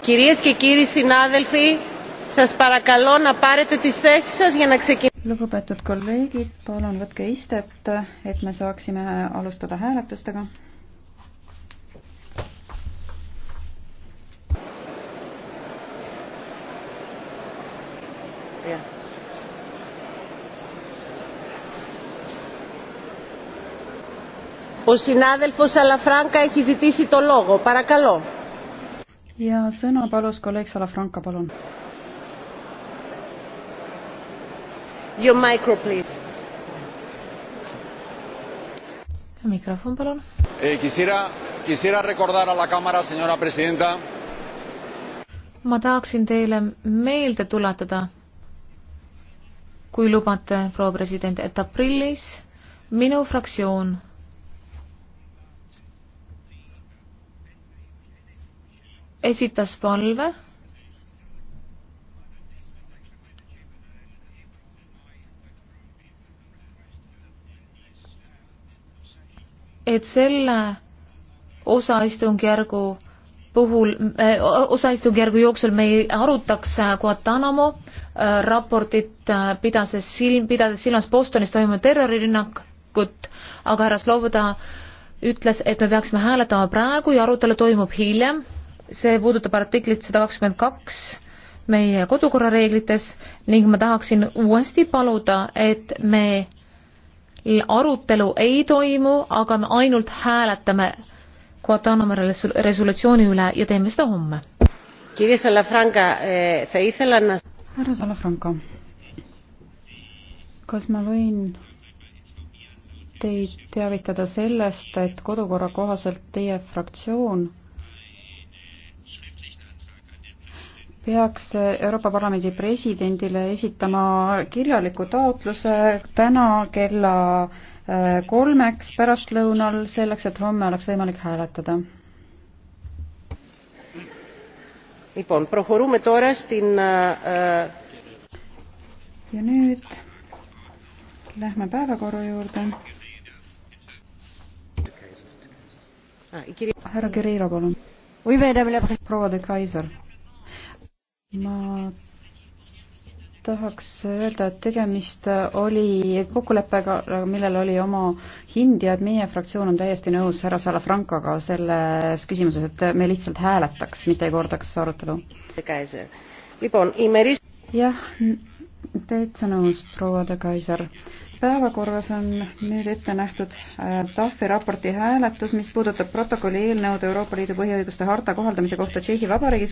Κυρίες και κύριοι συνάδελφοι, σας παρακαλώ να πάρετε τις θέσεις σας για να ξεκινήσουμε. Lugupeetud kolleegid, palun võtke istet, et me saaksime alustada hääletustega. Jah. Ο συνάδελφος Αλαφράγκα έχει ζητήσει το λόγο. Παρακαλώ. Ja sõna palus kolleeg Salafranca, palun. Your micro, please. Mikrofon, palun. Eh, quisiera, quisiera recordar a la cámara, señora presidenta. Ma tahaksin teile meelde tuletada, kui lubate, proua president, et aprillis minu fraktsioon esitas palve et selle osaistungjärgu puhul, äh, osaistungjärgu jooksul me ei arutaks Guantanamo äh, raportit, äh, pidases silm, pidades silmas Bostonis toimunud terrorirünnakut, aga härra Sloboda ütles, et me peaksime hääletama praegu ja arutelu toimub hiljem see puudutab artiklit sada kakskümmend kaks meie kodukorra reeglites ning ma tahaksin uuesti paluda, et me arutelu ei toimu, aga me ainult hääletame Guantanamo resolutsiooni üle ja teeme seda homme. härra Salafranca, kas ma võin teid teavitada sellest, et kodukorra kohaselt teie fraktsioon peaks Euroopa Parlamendi presidendile esitama kirjaliku taotluse täna kella äh, kolmeks pärastlõunal, selleks et homme oleks võimalik hääletada. ja nüüd lähme päevakorra juurde. Ah, härra Kirillov, palun. proua de Kaiser ma tahaks öelda, et tegemist oli kokkuleppega, millel oli oma hind ja et meie fraktsioon on täiesti nõus härra Salafrankaga selles küsimuses, et me lihtsalt hääletaks, mitte ei kordaks arutelu. jah, täitsa nõus, proua de Kaiser päevakorras on nüüd ette nähtud äh, TAFi raporti hääletus, mis puudutab protokolli eelnõud Euroopa Liidu põhiõiguste harta kohaldamise kohta Tšehhi Vabariigis.